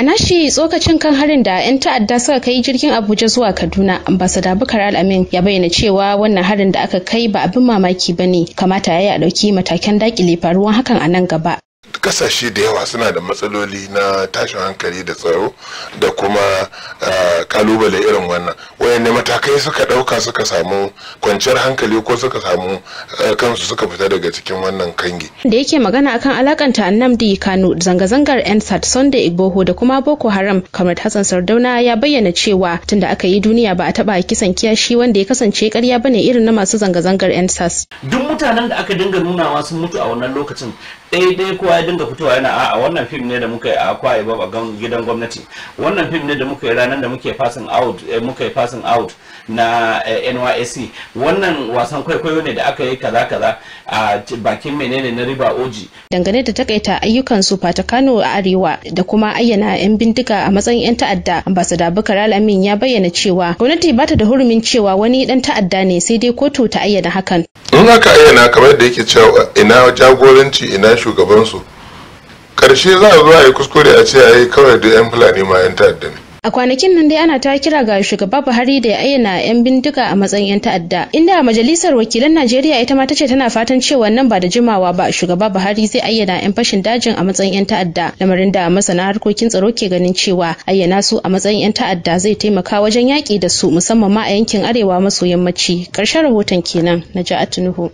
A nashi tsokacin kan harin da 'yan ta'adda suka kai jirgin Abuja zuwa Kaduna, ambasada Bukar Al-Amin ya bayyana cewa wannan harin da aka kai ba abin mamaki ba ne, kamata ya yi a ɗauki matakan dakile faruwan hakan a nan gaba. kasashe da yawa suna da matsaloli na tashin hankali da tsaro da kuma kalubale irin wannan wayanne matakai suka ɗauka suka samu kwanciyar hankali ko suka samu kansu suka fita daga cikin wannan kangi da yake magana akan alakanta annamdi kano zanga-zangar ensat sunday igboho da kuma boko haram kamar hassan sardauna ya bayyana cewa tunda aka yi duniya ba a taba kisan kiyashi wanda ya kasance karya bane irin na masu zanga-zangar duk mutanen da aka dinga nunawa sun mutu a wannan lokacin ɗaya ɗaya kowa dinga fitowa yana a wannan fim ne da muka yi a kwaye ba gidan gwamnati wannan fim ne da muka yi ranar da muke passing out eh, muka yi passing out na eh, NYSC wannan wasan kwaikwayo ne da aka yi kaza kaza a bakin menene na riba oji dangane da takaita ayyukan su kano a arewa da kuma ayyana yan bindiga a matsayin yan ta'adda ambassador bukar alamin ya bayyana cewa gwamnati ba ta da hurumin cewa wani dan ta'adda ne sai dai kotu ta ayyana hakan in aka ayyana kamar da yake cewa ina jagoranci ina shugabansu karshe za a zo a yi kuskure a ce a yi kawai da yan fulani ma yan ta'adda ne a kwanakin nan dai ana ta kira ga shugaba buhari da ya ayyana 'yan bindiga a matsayin 'yan ta'adda inda a majalisar wakilan najeriya ita ma ce tana fatan cewa nan ba da jimawa ba shugaba buhari zai ayyana 'yan fashin dajin a matsayin 'yan ta'adda lamarin da masana harkokin tsaro ke ganin cewa ayyana su a matsayin 'yan ta'adda zai taimaka wajen yaƙi da su musamman ma a yankin arewa maso yammaci karshen rahoton kenan na ja'atunuhu